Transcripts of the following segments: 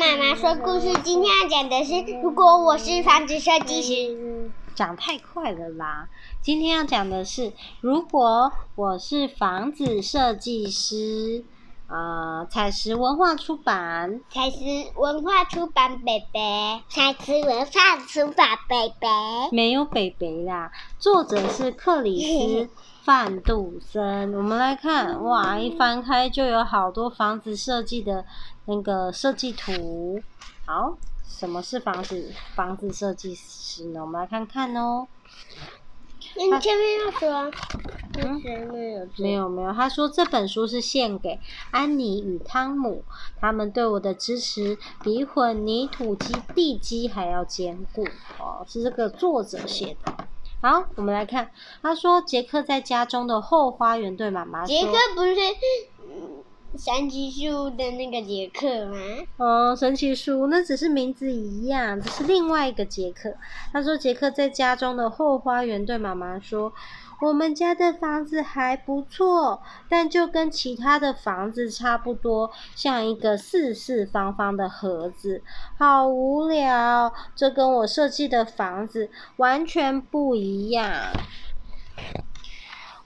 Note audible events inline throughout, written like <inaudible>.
媽媽說故事，今天要講的是，如果我是房子設計師。講太快了啦！今天要講的是，如果我是房子設計師。啊、呃，采實文化出版。采實文化出版伯伯，北北。采實文化出版，北北。沒有北北啦，作者是克里斯·范杜森。 <laughs> 我們來看，哇！一翻開就有好多房子設計的。那個設計圖，好，什麼是房子？房子設計師呢？我們來看看哦、喔。你前面要說，嗯，沒有沒有，他說這本書是獻給安妮與湯姆，他們對我的支持比混凝土及地基還要堅固哦，是這個作者寫的。好，我們來看，他說傑克在家中的後花園對媽媽說，傑克不是。神奇樹的那個傑克嗎？哦，神奇樹，那只是名字一樣，只是另外一個傑克。他說：“傑克在家中的後花園對媽媽說，我們家的房子還不錯，但就跟其他的房子差不多，像一個四四方方的盒子，好無聊。這跟我設計的房子完全不一樣。”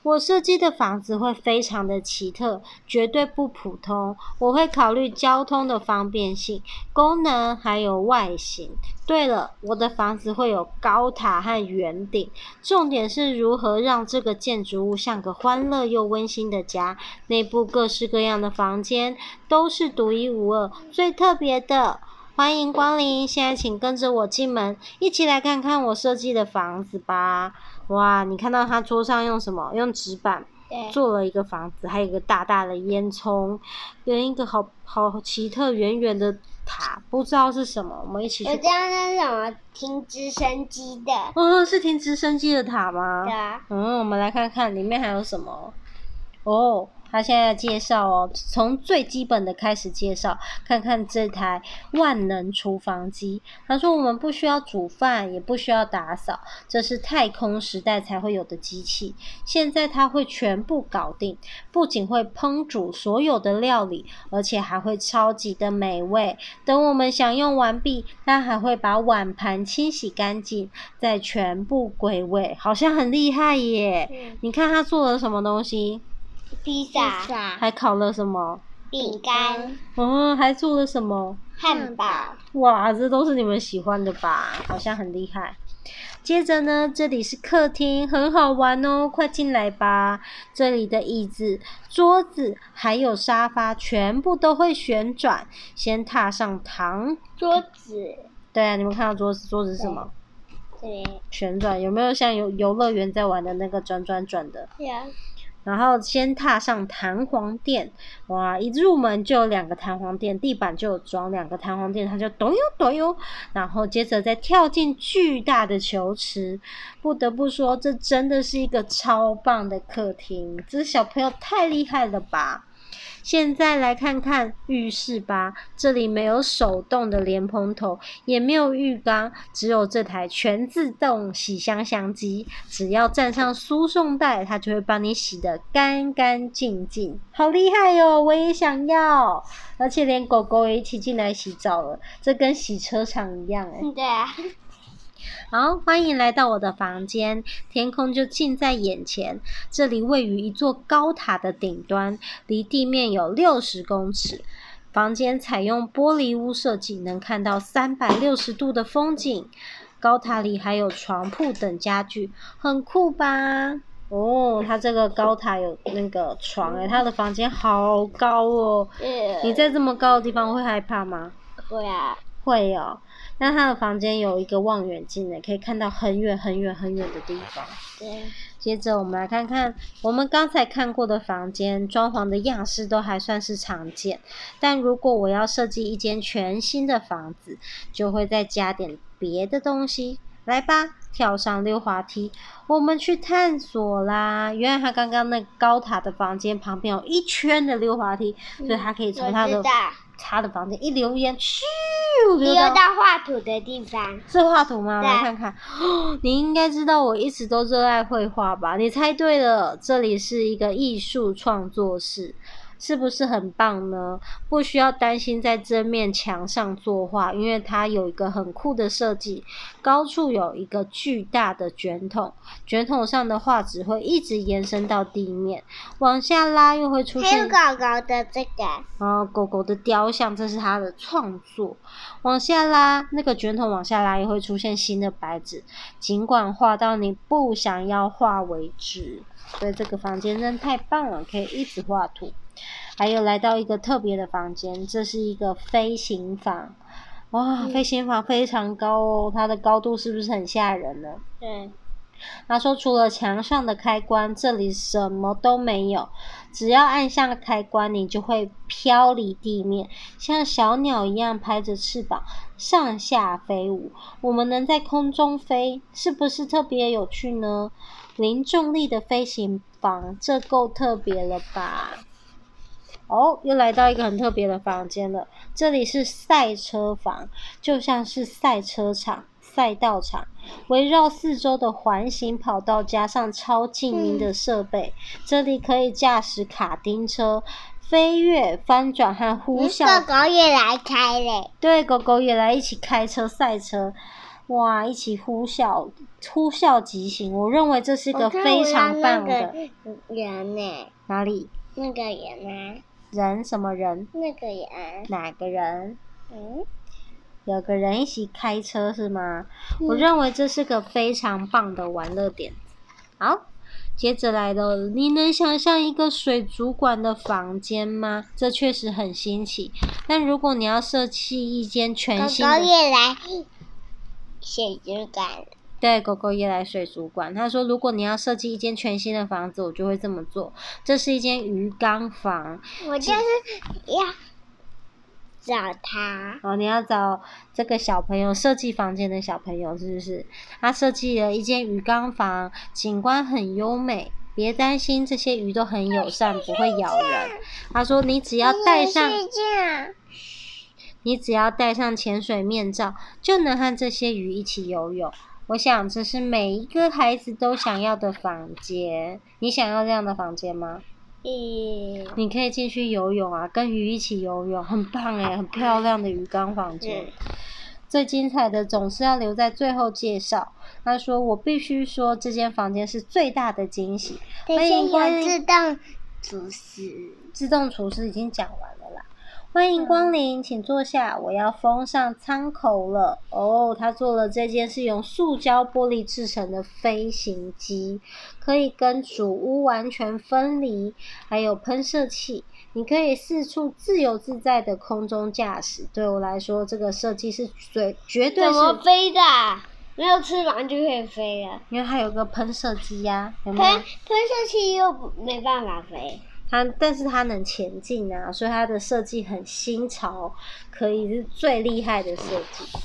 我設計的房子會非常的奇特，絕對不普通。我會考慮交通的方便性、功能還有外形。對了，我的房子會有高塔和圓頂。重點是如何讓這個建築物像個歡樂又溫馨的家，內部各式各樣的房間都是獨一無二、最特別的。歡迎光臨，現在請跟着我進門，一起來看看我設計的房子吧！哇，你看到他桌上用什麼？用紙板做了一個房子，還有一個大大的煙囪，跟一個好好奇特圓圓的塔，不知道是什麼。我們一起，我知道那是什麼，停直升機的。哦，是停直升機的塔嗎？對啊。嗯，我們來看看裡面還有什麼。哦、oh,。他現在介紹哦，從最基本的開始介紹，看看這台萬能廚房機。他說：“我們不需要煮飯，也不需要打掃，這是太空時代才會有的機器。現在它會全部搞定，不僅會烹煮所有的料理，而且還會超級的美味。等我們享用完畢，它還會把碗盤清洗乾淨，再全部歸位。好像很厲害耶！你看它做了什麼東西？”披薩，還烤了什麼？餅乾。哦、嗯，還做了什麼？漢堡。哇，這都是你們喜歡的吧？好像很厲害。接着呢，這裡是客廳，很好玩哦，快進來吧。這裡的椅子、桌子還有沙發全部都會旋轉。先踏上堂桌子。對啊，你們看到桌子，桌子是什麼？對。對旋轉有沒有像遊遊樂園在玩的那個轉轉轉的？然後先踏上彈簧墊，哇！一入門就有兩個彈簧墊，地板就有裝兩個彈簧墊，它就咚喲咚喲，然後接着再跳進巨大的球池，不得不說，這真的是一個超棒的客廳。這小朋友太厲害了吧！現在來看看浴室吧，這裡沒有手動的蓮蓬頭，也沒有浴缸，只有這台全自動洗香香機，只要站上輸送帶，它就會幫你洗得乾乾淨淨，好厲害哦、喔！我也想要，而且連狗狗也一起進來洗澡了，這跟洗車場一樣哎、欸。對啊。好，歡迎來到我的房間，天空就近在眼前。這裡位於一座高塔的頂端，離地面有六十公尺。房間採用玻璃屋設計，能看到三百六十度的風景。高塔裡還有床鋪等家具，很酷吧？哦，他這個高塔有那個床誒、欸，他的房間好高哦。你在這麼高的地方會害怕嗎？會啊。會哦，那他的房間有一個望遠鏡呢，可以看到很遠很遠很遠的地方。對。接着我們來看看，我們剛才看過的房間裝潢的樣式都還算是常見，但如果我要設計一間全新的房子，就會再加點別的東西。來吧，跳上溜滑梯，我們去探索啦！原來他剛剛那高塔的房間旁邊有一圈的溜滑梯，嗯、所以他可以從他的他的房間一溜煙，噓。你又到畫圖的、的地方，是畫圖嗎？啊、我來看看，哦、你應該知道我一直都熱愛繪畫吧？你猜對了，這裡是一個藝術創作室。是不是很棒呢？不需要擔心在這面牆上作畫，因為它有一個很酷的設計，高處有一個巨大的捲筒，捲筒上的畫紙會一直延伸到地面，往下拉又會出現。還有狗狗的這個。然後，哦，狗狗的雕像，這是它的創作。往下拉，那個捲筒往下拉也會出現新的白紙，儘管畫到你不想要畫為止。所以這個房間真的太棒了，可以一直畫圖。還有來到一個特別的房間，這是一個飛行房，哇、嗯，飛行房非常高哦，它的高度是不是很嚇人呢？對。他說，除了牆上的開關，這裡什麼都沒有，只要按下開關，你就會飄離地面，像小鳥一樣拍着翅膀上下飛舞。我們能在空中飛，是不是特別有趣呢？零重力的飛行房，這夠特別了吧？哦，又來到一個很特別的房間了。這裡是賽車房，就像是賽車場、賽道場，圍繞四周的環形跑道，加上超靜音的設備。嗯，這裡可以駕駛卡丁車，飛躍、翻轉和呼嘯。狗狗也來開嘞，對，狗狗也來一起開車賽車，哇，一起呼嘯、呼嘯即行。我認為這是一個非常棒的。我我人呢，欸？哪裡？那個人啊？人什麼人？那個人。哪個人？嗯，有個人一起開車是嗎？嗯。我認為這是個非常棒的玩樂點。好，接着來的，你能想象一個水族館的房間嗎？這確實很新奇。但如果你要設計一間全新的，高高來，水族館。對，狗狗也來水族館。他說：“如果你要設計一間全新的房子，我就會這麼做。這是一間魚缸房。”我就是要找他。哦，你要找這個小朋友設計房間的小朋友是不是？他設計了一間魚缸房，景觀很優美。別擔心，這些魚都很友善，不會咬人。他說：“你只要戴上，你只要戴上潛水面罩，就能和這些魚一起游泳。”我想這是每一個孩子都想要的房間，你想要這樣的房間嗎？咦、Yeah.！你可以進去游泳啊，跟魚一起游泳，很棒哎，很漂亮的魚缸房間。Yeah. 最精彩的總是要留在最後介紹。他說：“我必須說，這間房間是最大的驚喜。Yeah. ”歡迎光臨自動廚師。自動廚師已經講完了。歡迎光臨，請坐下。我要封上艙口了。哦，他做了這件是用塑膠玻璃製成的飛行機，可以跟主屋完全分離，還有噴射器，你可以四處自由自在的空中駕駛。對我來說，這個設計是最絕對。怎麼飛的？沒有翅膀就可以飛了？因為它有個噴射機呀。噴噴射器又沒辦法飛。它，但是它能前進啊，所以它的設計很新潮，可以是最厲害的設計。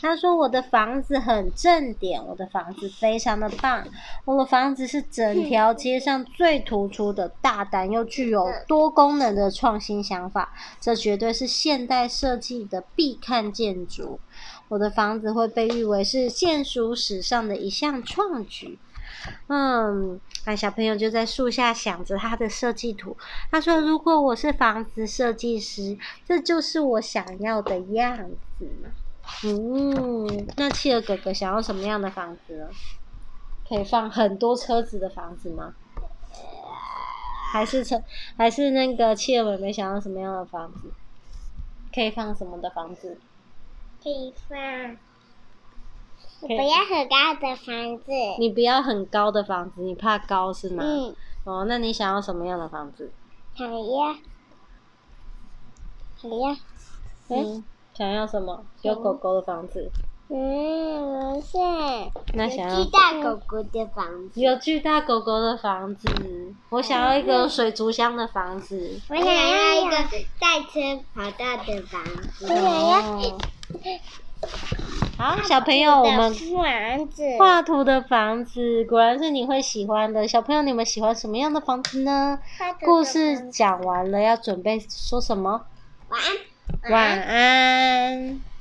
他說：“我的房子很正點，我的房子非常的棒，我的房子是整條街上最突出的、嗯，大膽又具有多功能的創新想法，這絕對是現代設計的必看建築。我的房子會被譽為是建築史上的一項創舉。”嗯，那小朋友就在樹下想着他的設計圖。他說：“如果我是房子設計師，這就是我想要的樣子。”嗯，那企鵝哥哥想要什麼樣的房子呢？可以放很多車子的房子嗎？還是車？還是那個企鵝妹妹想要什麼樣的房子？可以放什麼的房子？可以放。Okay. 不要很高的房子。你不要很高的房子，你怕高是嗎？嗯？哦，那你想要什麼樣的房子？好呀，好呀。嗯。想要什麼？有狗狗的房子。嗯，不是狗狗。那想要，嗯、巨大狗狗的房子。有巨大狗狗的房子，嗯。我想要一個水族箱的房子。我想要一個賽車跑道的房子，哦我的房子哦。我想要。好、oh，小朋友，我們畫圖的房子，房子果然是你會喜歡的。小朋友，你們喜歡什麼樣的房子呢？子故事講完了，要準備說什麼？晚安。晚安。